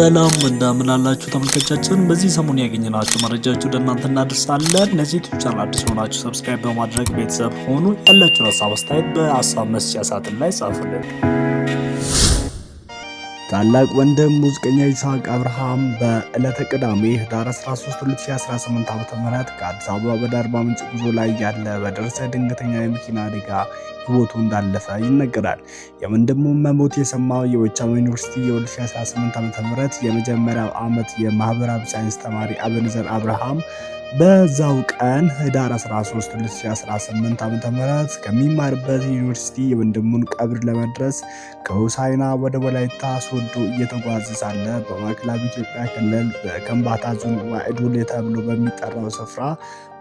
ሰላም እንደምን አላችሁ ተመልካቾቻችን። በዚህ ሰሞን ያገኘናችሁ መረጃዎች ወደ እናንተ እናደርሳለን። ለዚህ ዩቲዩብ ቻናል አዲስ ሆናችሁ ሰብስክራይብ በማድረግ ቤተሰብ ሆኑ። ያላችሁ ሀሳብ አስተያየት በሀሳብ መስጫ ሳጥን ላይ ጻፉልን። ታላቅ ወንድም ሙዚቀኛ ይስሐቅ አብርሃም በዕለተ ቅዳሜ ህዳር 13 2018 ዓ.ም ከአዲስ አበባ ወደ አርባ ምንጭ ጉዞ ላይ ያለ በደረሰ ድንገተኛ የመኪና አደጋ ሕይወቱ እንዳለፈ ይነገራል። የወንድሙን መሞት የሰማው የጎጃም ዩኒቨርሲቲ የ2018 ዓ ም የመጀመሪያው ዓመት የማህበራዊ ሳይንስ ተማሪ አቤኔዘር አብርሃም በዛው ቀን ህዳር 13 2018 ዓ ም ከሚማርበት ዩኒቨርሲቲ የወንድሙን ቀብር ለመድረስ ከሆሳዕና ወደ ወላይታ ሶዶ እየተጓዘ ሳለ በማዕከላዊ ኢትዮጵያ ክልል በከምባታ ዞን ዋዕዶሌ ተብሎ በሚጠራው ስፍራ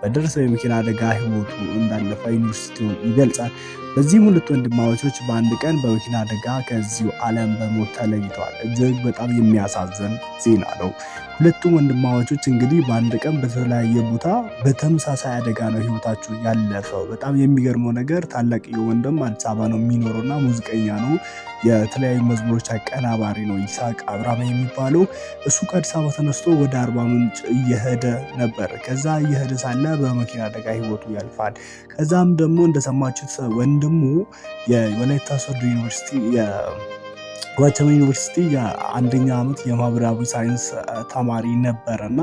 በደረሰው የመኪና አደጋ ህይወቱ እንዳለፈ ዩኒቨርሲቲው ይገልጻል። በዚህም ሁለት ወንድማዎቾች በአንድ ቀን በመኪና አደጋ ከዚሁ ዓለም በሞት ተለይተዋል። እጅግ በጣም የሚያሳዝን ዜና ነው። ሁለቱም ወንድማዎቾች እንግዲህ በአንድ ቀን በተለያየ ቦታ በተመሳሳይ አደጋ ነው ህይወታቸው ያለፈው። በጣም የሚገርመው ነገር ታላቅ ወንድም አዲስ አበባ ነው የሚኖረውና ሙዚቀኛ ነው። የተለያዩ መዝሙሮች አቀናባሪ ነው። ይስሐቅ አብርሃም የሚባለው እሱ ከአዲስ አበባ ተነስቶ ወደ አርባ ምንጭ እየሄደ ነበር። ከዛ እየሄደ ሳለ በመኪና አደጋ ህይወቱ ያልፋል። ከዛም ደግሞ እንደሰማችሁት ወንድሙ የወላይታ ሶዶ ዩኒቨርሲቲ የጓቸመን ዩኒቨርሲቲ የአንደኛ ዓመት የማህበራዊ ሳይንስ ተማሪ ነበረ እና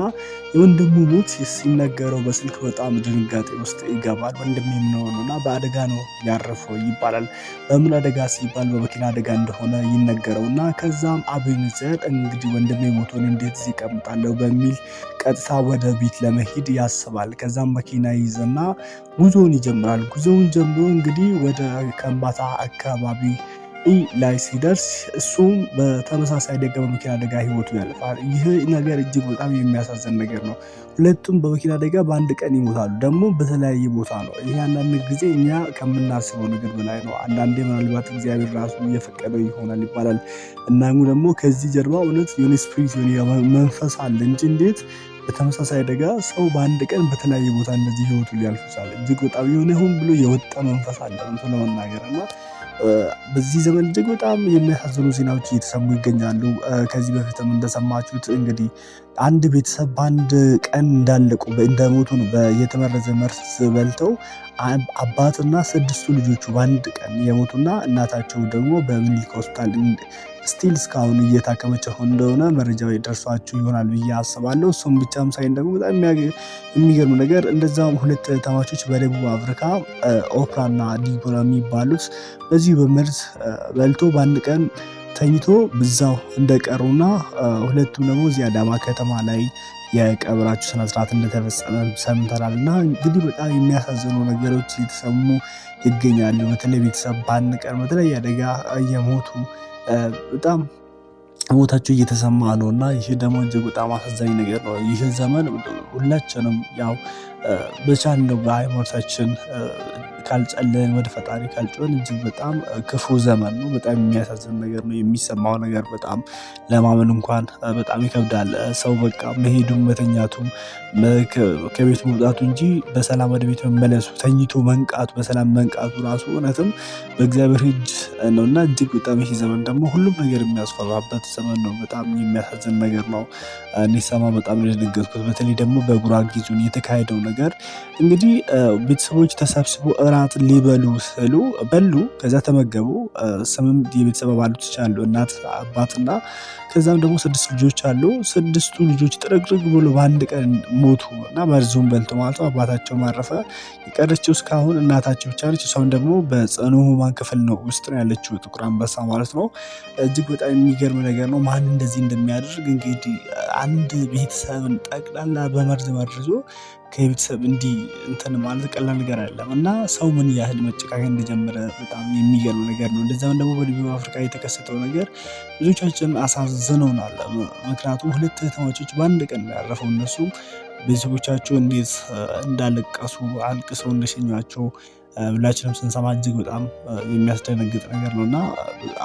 የወንድሙ ሞት ሲነገረው በስልክ በጣም ድንጋጤ ውስጥ ይገባል። ወንድም የምንሆኑ እና በአደጋ ነው ያረፈው ይባላል። በምን አደጋ ሲባል በመኪና አደጋ እንደሆነ ይነገረው እና ከዛም አቤኔዘር እንግዲህ ወንድሜ ሞቶን እንዴት እዚህ ይቀምጣለሁ በሚል ቀጥታ ወደ ቤት ለመሄድ ያስባል። ከዛም መኪና ይዘና ጉዞውን ይጀምራል። ጉዞውን ጀምሮ እንግዲህ ወደ ከምባታ አካባቢ ዘጠኝ ላይ ሲደርስ እሱም በተመሳሳይ ደግሞ መኪና አደጋ ህይወቱ ያልፋል። ይህ ነገር እጅግ በጣም የሚያሳዝን ነገር ነው። ሁለቱም በመኪና አደጋ በአንድ ቀን ይሞታሉ፣ ደግሞ በተለያየ ቦታ ነው። ይህ አንዳንድ ጊዜ እኛ ከምናስበው ነገር በላይ ነው። አንዳንዴ ምናልባት እግዚአብሔር ራሱ እየፈቀደው ይሆናል ይባላል እናሙ ደግሞ ከዚህ ጀርባ እውነት የሆነ ስፕሪት የሆነ መንፈስ አለ እንጂ እንዴት በተመሳሳይ አደጋ ሰው በአንድ ቀን በተለያየ ቦታ እንደዚህ ህይወቱ ሊያልፍ ይችላል? እጅግ በጣም የሆነ ሁን ብሎ የወጣ መንፈስ አለ ለመናገር እና በዚህ ዘመን እጅግ በጣም የሚያሳዝኑ ዜናዎች እየተሰሙ ይገኛሉ። ከዚህ በፊትም እንደሰማችሁት እንግዲህ አንድ ቤተሰብ በአንድ ቀን እንዳለቁ እንደሞቱ ነው። የተመረዘ መርስ በልተው አባትና ስድስቱ ልጆቹ በአንድ ቀን የሞቱና እናታቸው ደግሞ በምኒልክ ሆስፒታል ስቲል እስካሁን እየታከመች እንደሆነ መረጃ ደርሷችሁ ይሆናል ብዬ አስባለሁ። እሱም ብቻም ሳይን ደግሞ በጣም የሚገርም ነገር እንደዛም ሁለት ተማቾች በደቡብ አፍሪካ ኦፕራና ዲቦራ የሚባሉት በዚሁ በመርዝ በልቶ በአንድ ቀን ተኝቶ ብዛው እንደቀሩና ሁለቱም ደግሞ እዚህ አዳማ ከተማ ላይ የቀብራችሁ ስነስርዓት እንደተፈጸመ ሰምተናል እና እንግዲህ በጣም የሚያሳዝኑ ነገሮች እየተሰሙ ይገኛሉ። በተለይ ቤተሰብ ባንድ ቀን በተለይ አደጋ እየሞቱ በጣም ሞታቸው እየተሰማ ነው እና ይህ ደግሞ እጅግ በጣም አሳዛኝ ነገር ነው። ይህ ዘመን ሁላችንም ያው ነው በሃይማኖታችን ካልጸለይን ወደ ፈጣሪ ካልጮህን እጅግ በጣም ክፉ ዘመን ነው። በጣም የሚያሳዝን ነገር ነው። የሚሰማው ነገር በጣም ለማመን እንኳን በጣም ይከብዳል። ሰው በቃ መሄዱም መተኛቱም ከቤት መውጣቱ እንጂ በሰላም ወደ ቤት መመለሱ ተኝቶ መንቃቱ በሰላም መንቃቱ ራሱ እውነትም በእግዚአብሔር እጅ ነው እና እጅግ በጣም ይሄ ዘመን ደግሞ ሁሉም ነገር የሚያስፈራበት ዘመን ነው። በጣም የሚያሳዝን ነገር ነው። እኔ በጣም ደነገጥኩት። በተለይ ደግሞ በጉራጌ ዞን የተካሄደው ነገር እንግዲህ ቤተሰቦች ተሰብስቦ እራት ሊበሉ ስሉ በሉ ከዛ ተመገቡ። ስምም የቤተሰብ አባሎች አሉ እናት አባትና ከዛም ደግሞ ስድስት ልጆች አሉ። ስድስቱ ልጆች ጥርግርግ ብሎ በአንድ ቀን ሞቱ እና መርዙን በልቶ ማለት አባታቸው ማረፈ። የቀረችው እስካሁን እናታቸው ብቻ ነች። እሷም ደግሞ በጽኑ ሕሙማን ክፍል ነው ውስጥ ነው ያለችው፣ ጥቁር አንበሳ ማለት ነው። እጅግ በጣም የሚገርም ነገር ነው። ማን እንደዚህ እንደሚያደርግ እንግዲህ አንድ ቤተሰብን ጠቅላላ በመርዝ መርዞ ከቤተሰብ እንዲህ እንትን ማለት ቀላል ነገር አይደለም እና ሰው ምን ያህል መጨቃቀን እንደጀመረ በጣም የሚገርም ነገር ነው። እንደዛም ደግሞ በደቡብ አፍሪካ የተከሰተው ነገር ብዙዎቻችን አሳዝነውናል። ምክንያቱም ሁለት ተማቾች በአንድ ቀን ያረፈው እነሱ ቤተሰቦቻቸው እንዴት እንዳለቀሱ አልቅሰው እንደሸኟቸው ሁላችንም ስንሰማ እጅግ በጣም የሚያስደነግጥ ነገር ነው እና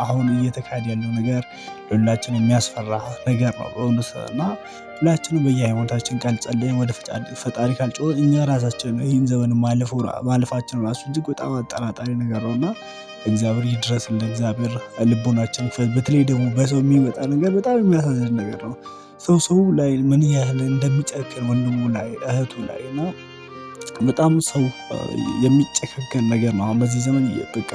አሁን እየተካሄደ ያለው ነገር ለሁላችን የሚያስፈራ ነገር ነው በእውነት እና ሁላችንም በየሃይማኖታችን ካልጸለይን ወደ ፈጣሪ ካልጮ እኛ ራሳችን ይህን ዘመን ማለፋችን ራሱ እጅግ በጣም አጠራጣሪ ነገር ነው እና እግዚአብሔር ይድረስልን። እግዚአብሔር ልቦናችን በተለይ ደግሞ በሰው የሚመጣ ነገር በጣም የሚያሳዝን ነገር ነው። ሰው ሰው ላይ ምን ያህል እንደሚጨክን ወንድሙ ላይ እህቱ ላይ እና በጣም ሰው የሚጨካከን ነገር ነው። አሁን በዚህ ዘመን በቃ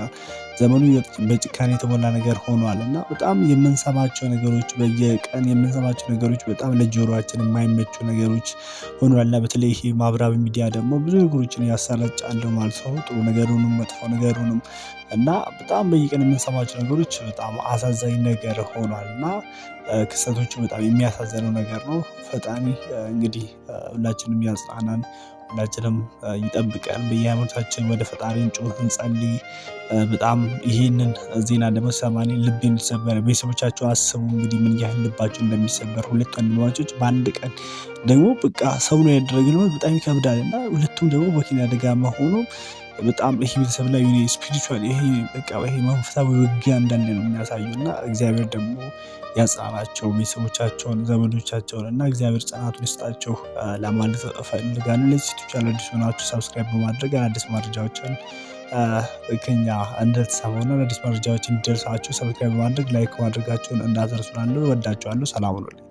ዘመኑ በጭካኔ የተሞላ ነገር ሆኗል እና በጣም የምንሰማቸው ነገሮች በየቀን የምንሰማቸው ነገሮች በጣም ለጆሮችን የማይመቹ ነገሮች ሆኗል እና በተለይ ይሄ ማህበራዊ ሚዲያ ደግሞ ብዙ ነገሮችን ያሰራጫል ማለት ጥሩ ነገሩንም መጥፎ ነገሩንም እና በጣም በየቀን የምንሰማቸው ነገሮች በጣም አሳዛኝ ነገር ሆኗል እና ክስተቶቹ በጣም የሚያሳዝነው ነገር ነው። ፈጣሪ እንግዲህ ሁላችንም ያጽናናን። ሁላችንም ይጠብቀን። በየሃይማኖታችን ወደ ፈጣሪ እንጩህ እንጸልይ። በጣም ይህንን ዜና ለመሰማኒ ልብ እንድሰበር ቤተሰቦቻቸው አስቡ እንግዲህ ምን ያህል ልባቸው እንደሚሰበር ሁለት ወንድማቾች በአንድ ቀን ደግሞ በቃ ሰው ነው ያደረግነው በጣም ይከብዳል እና ሁለቱም ደግሞ መኪና አደጋ መሆኑ በጣም ይሄ ቤተሰብ ላይ የሆነ ስፒሪቹዋል ይሄ በቃ ይሄ መንፈሳዊ ውጊያ እንዳለ ነው የሚያሳዩ እና እግዚአብሔር ደግሞ ያጽናናቸው ቤተሰቦቻቸውን፣ ዘመዶቻቸውን እና እግዚአብሔር ጽናቱን ይስጣቸው ለማለት እፈልጋለሁ። ለዚህ ዩቱብ ቻናል አዲስ ሆናችሁ ሰብስክራይብ በማድረግ አዳዲስ መረጃዎችን ከኛ እና አዳዲስ መረጃዎችን እንዲደርሳችሁ ሰብስክራይብ በማድረግ ላይክ ማድረጋችሁን እንዳዘርሱላለሁ። ወዳችኋለሁ። ሰላም ሁኑልኝ።